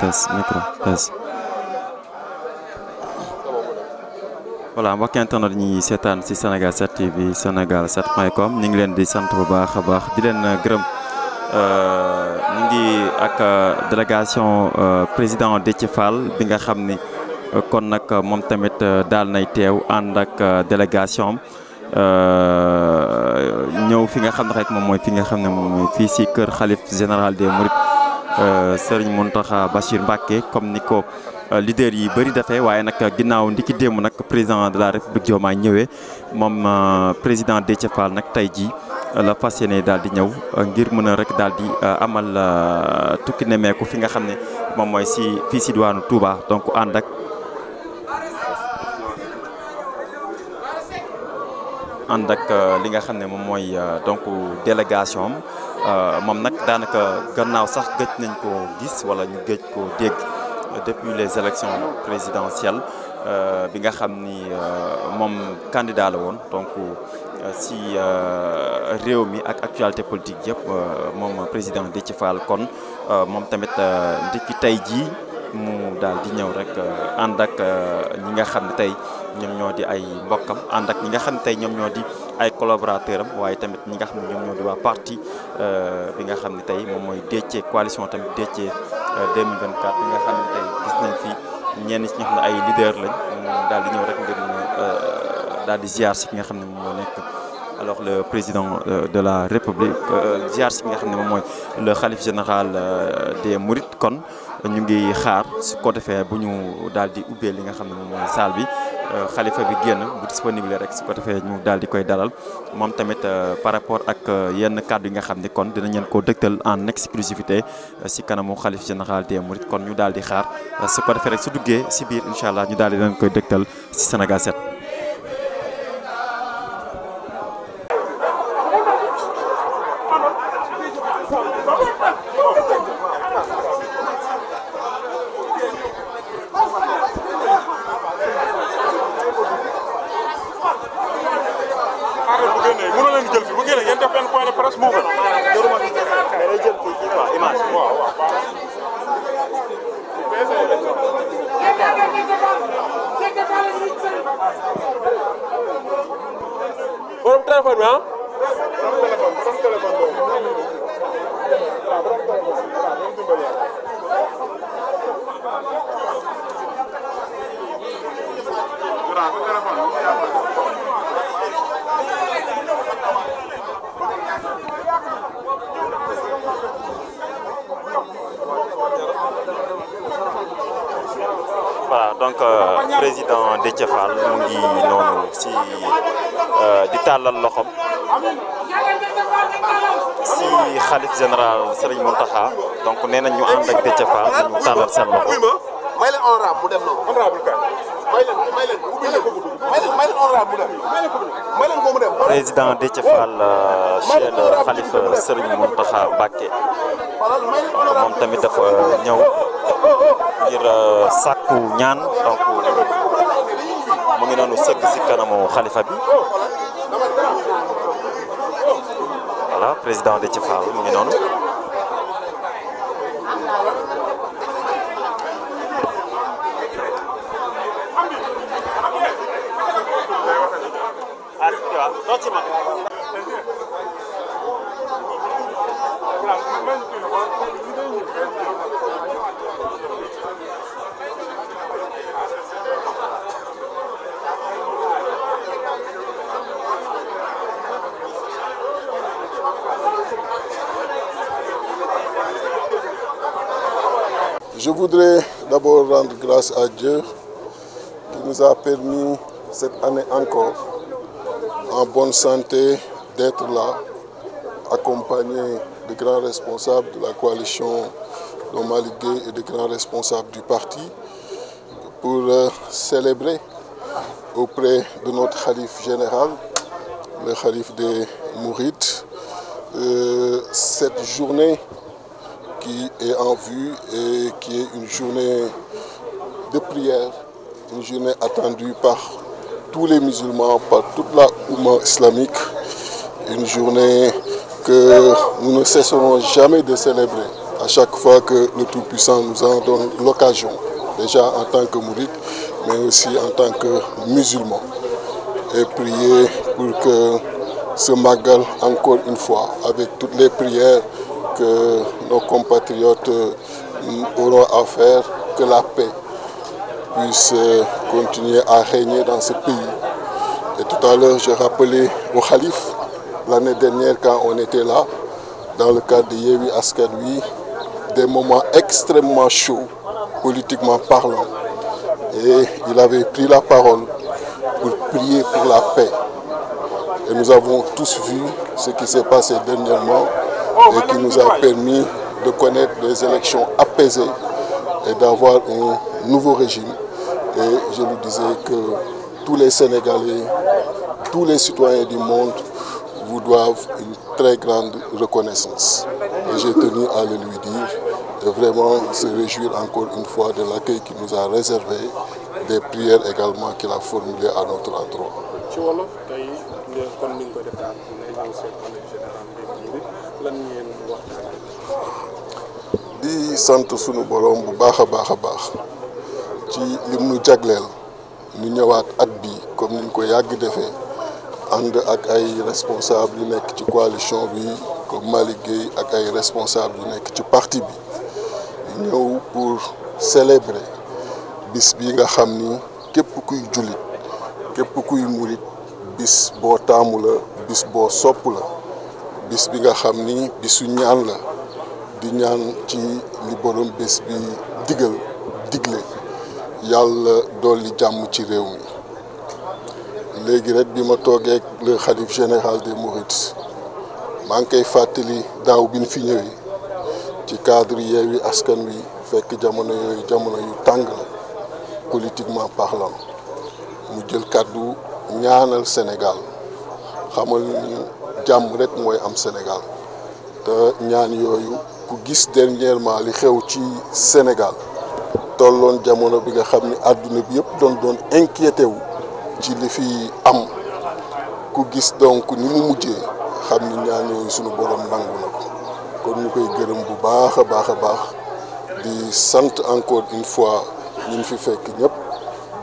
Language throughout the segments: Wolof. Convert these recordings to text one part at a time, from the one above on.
test micro test voilà mbokk internet ñi seetaan ci Sénégal 7 TV Sénégal 7 point com ñu ngi leen di sant bu baax a baax di leen gërëm euh, ñu ngi ak euh, délégation euh, président Déthié Fall bi nga xam ni kon nag moom tamit daal nay teew ànd ak délégation am ñëw fi nga xam ne rek moom mooy fi nga xam ne moom fii ci kër xalif général de Mourides. Euh, Serigne Mountakha Bachir Mbacké comme ni ko euh, leader yi bëri defee waaye nag ginnaaw ndiki démb nag président de la république Diomaye ñëwee moom euh, président Déthié Fall nag tey jii la fas yéene daal di ñëw ngir mën a rek daal di amal tukki nemeeku fi nga xam ne moom mooy si fii si diwaanu Touba donc ànd ak. ànd ak euh, li nga xam ne moom mooy euh, donc délégation am euh, moom nag daanaka gannaaw sax gëj nañ ko gis wala ñu gëj ko dégg depuis les élections présidentielles bi nga xam ni moom candidat la woon donc si réew mi ak actualité politique yëpp moom président ci Fall kon moom tamit ndiki tey jii. mu daal di ñëw rek euh, ànd ak euh, ñi nga xam ne tey ñoom ñoo di ay mbokkam ànd ak ñi nga xam ne tey ñoom ñoo di ay collaborateur am waaye tamit ñi nga xam ne ñoom ñoo di waa parti euh, bi nga xam ne tey moom mooy Déthié coalition tamit Déthié 2024 bi nga xam ne tey gis nañ fi ñenn ci ñoo xam ay leader lañ daal di ñëw rek ngir daal di ziar si nga xam ne moom moo alors le président de la république ziar si ki nga xam ne moom mooy le xalif général des Mourides kon. ñu ngi xaar su côté defee bu ñu daal di ubbee li nga xam ne moom saal bi euh, xalifa bi génn bu disponible rek su côté fee ñu daal di koy dalal moom tamit euh, par rapport ak euh, yenn kàddu yi nga xam ne kon dinañ leen koo dëgtal en exclusivité si kanamu xalif général des Mourides kon ñu daal di xaar su côté fee rek su duggee si biir incha allah ñu daal di leen koy dëgtal si Sénégal jëm kii kii quoi image waaw waaw borom téléphone bi ah borom téléphone borom téléphone boobu donc euh, président Déthié Fall mu ngi noonu si euh, di tàllal loxom si xalif général Serigne Mountakha donc nee nañ ñu ànd ak Déthié Fall tàllal seen loxo. may leen honorable mu dem président Déthié Fall euh, chez le xalifa Serigne Mountakha moom tamit dafa ñëw. ngir euh, saku ñaan donc mu ngi noonu sëgg si kanamu xalifa bi voilà président Déthié Fall mu ngi noonu. Je voudrais d'abord rendre grâce à Dieu qui nous a permis cette année encore, en bonne santé, d'être là, accompagné de grands responsables de la coalition Noma Ligue et de grands responsables du parti, pour euh, célébrer auprès de notre Khalif général, le Khalif des Mourites, euh, cette journée qui est en vue et qui est une journée de prière, une journée attendue par tous les musulmans, par toute la Oumma islamique, une journée que nous ne cesserons jamais de célébrer à chaque fois que le Tout-Puissant nous en donne l'occasion, déjà en tant que mouride, mais aussi en tant que musulman, et prier pour que ce Magal, encore une fois, avec toutes les prières, que nos compatriotes auront à faire, que la paix puisse continuer à régner dans ce pays. Et tout à l'heure, j'ai rappelé au calife, l'année dernière quand on était là, dans le cadre de Yewi Askadoui, des moments extrêmement chauds, politiquement parlant. Et il avait pris la parole pour prier pour la paix. Et nous avons tous vu ce qui s'est passé dernièrement et qui nous a permis de connaître des élections apaisées et d'avoir un nouveau régime. Et je lui disais que tous les Sénégalais, tous les citoyens du monde vous doivent une très grande reconnaissance. Et j'ai tenu à le lui dire et vraiment se réjouir encore une fois de l'accueil qu'il nous a réservé, des prières également qu'il a formulées à notre endroit. lan ngeen di sant sunu borom bu baax a baax a baax ci lim nu jagleel ñu ñëwaat at bi comme niñ ko yàgg defee ànd ak ay responsable yu nekk ci coalition bi comme Malick ak ay responsable yu nekk ci parti bi ñëw pour célébrer bis bi nga xam ni képp kuy jullit képp kuy murit bis boo taamu la bis boo sopp la bis bi nga xam ni bisu ñaan la di ñaan ci li bis bi digal digle yàlla dolli jàmm ci réew mi léegi rek bi ma toogee le xalif général des Mourides maa ngi koy fàttali daaw bi fi ñëwee ci cadre Yewwi Askan Wi fekk jamono yooyu jamono yu tàng la politiquement parlant mu jël kàddu ñaanal Sénégal. xamal ñu jàmm rek mooy am Sénégal te ñaan yooyu ku gis dernièrement li xew ci Sénégal tolloon jamono bi nga xam ni àdduna bi yëpp doon doon inquiété wu ci li fi am ku gis donc ni mu mujjee xam ni ñaan yooyu sunu borom nangu na ko kon ñu koy gërëm bu baax a baax a baax di sant encore une fois ñin fi fekk ñëpp.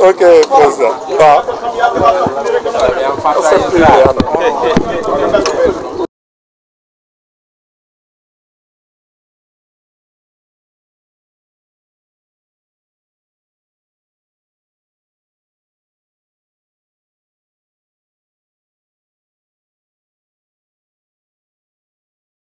ok président waaw.